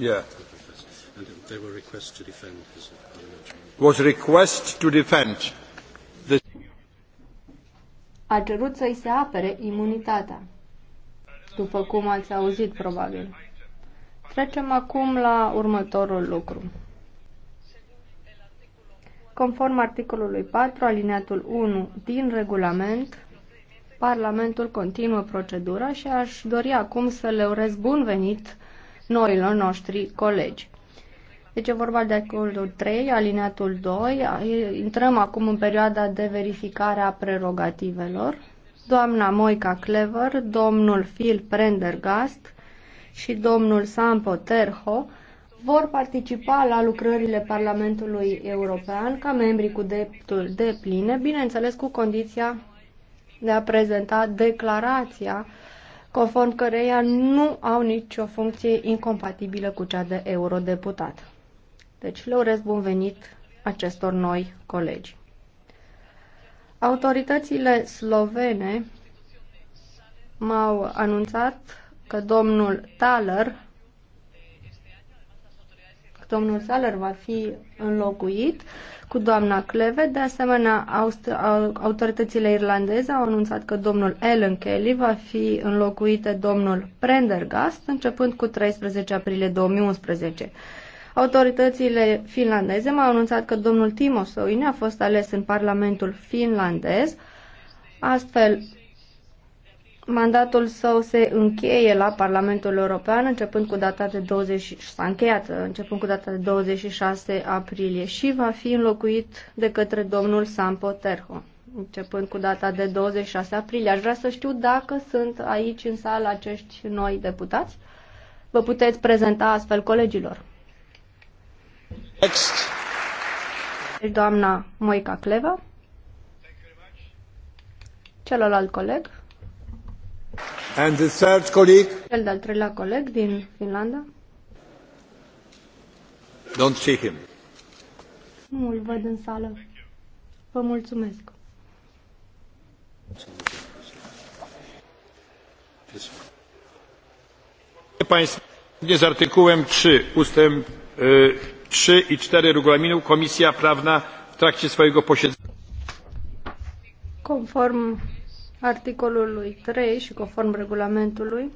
Yeah. And were requests to defend his parliamentary... Was request to defend. The... A cerut să-i se apere imunitatea, după cum ați auzit probabil. Trecem acum la următorul lucru. Conform articolului 4, alineatul 1 din regulament, Parlamentul continuă procedura și aș dori acum să le urez bun venit noilor noștri colegi. Deci e vorba de articolul 3, alineatul 2. Intrăm acum în perioada de verificare a prerogativelor. Doamna Moica Clever, domnul Phil Prendergast și domnul Sampo Terho vor participa la lucrările Parlamentului European ca membri cu dreptul de pline, bineînțeles cu condiția de a prezenta declarația uh, conform căreia nu au nicio funcție incompatibilă cu cea de eurodeputat. Deci le urez bun venit acestor noi colegi. Autoritățile slovene m-au anunțat că domnul Thaler Domnul Saler va fi înlocuit cu doamna Cleve. De asemenea, autoritățile irlandeze au anunțat că domnul Ellen Kelly va fi înlocuit de domnul Prendergast începând cu 13 aprilie 2011. Autoritățile finlandeze m-au anunțat că domnul Timo Soini a fost ales în Parlamentul finlandez. Astfel, Mandatul său se încheie la Parlamentul European începând cu data de 20 s-a încheiat începând cu data de 26 aprilie și va fi înlocuit de către domnul Sampo Terho începând cu data de 26 aprilie. Aș vrea să știu dacă sunt aici în sală acești noi deputați. Vă puteți prezenta astfel colegilor. Next. Doamna Moica Cleva. Celălalt coleg. And the third colleague? Cel de-al treilea coleg din Finlanda. Don't see him. Nu îl văd în sală. Vă mulțumesc. Zgodnie z artykułem 3 ustęp 3 i 4 regulaminu Komisja Prawna w trakcie swojego posiedzenia. Conform articolului 3 și conform regulamentului,